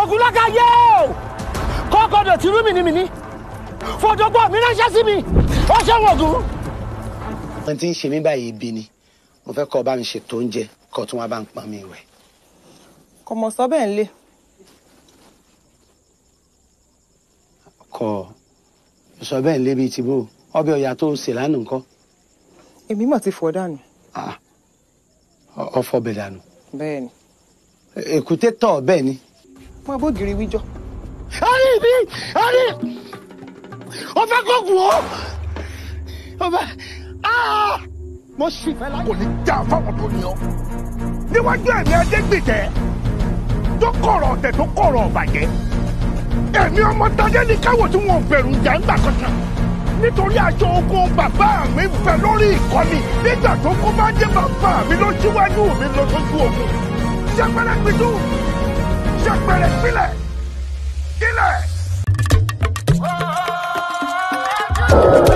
ògúnlágà yé o kọ́kọ́dọ̀ tìrú mìnìmìnì fòdógbò mi ránṣẹ́ sí mi ó ṣe wògùn. wọ́n ti ń ṣe mí báyìí bí ni mo fẹ́ kọ́ ọ bá mi ṣètò oúnjẹ kọ́ tún wá bá ń pọn mi wẹ̀. kò mọ̀ sọ bẹ́ẹ̀ ń lé. kò sọ bẹ́ẹ̀ ń lé bíi tìbó ọbẹ̀ ọ̀yà tó ṣe lánàá nǹkan. èmi mà ti fọ̀ dànù. ọfọ bẹ̀ dànù. bẹ́ẹ̀ ni. èkúté tọ̀ bẹ́ẹ̀ ni máa bó gírí wíjọ. ọ̀rí mi ọ̀rí ọba gògùn o ọba mo sì fẹ́ láyé. kò ní já fáwọn tó ní ọ níwájú ẹ̀mí adégbèjẹ́ tó kọ̀rọ̀ ọ̀tẹ̀ tó kọ̀rọ̀ ọ̀bàjẹ́ ẹ̀mí ọmọ tajẹ́ ní káwọ̀ tí wọ́n bẹ̀rù jà ń gbà kankan nítorí aṣọ ogun bàbá mi ń fẹ́ lórí ìkọ́ni nígbà tó kó bá jẹ́ bàbá mi ló síwájú mi lọ sójú ogun ṣàpẹ́rẹ́ pẹ̀lú. judgment it, feel it. Kill it.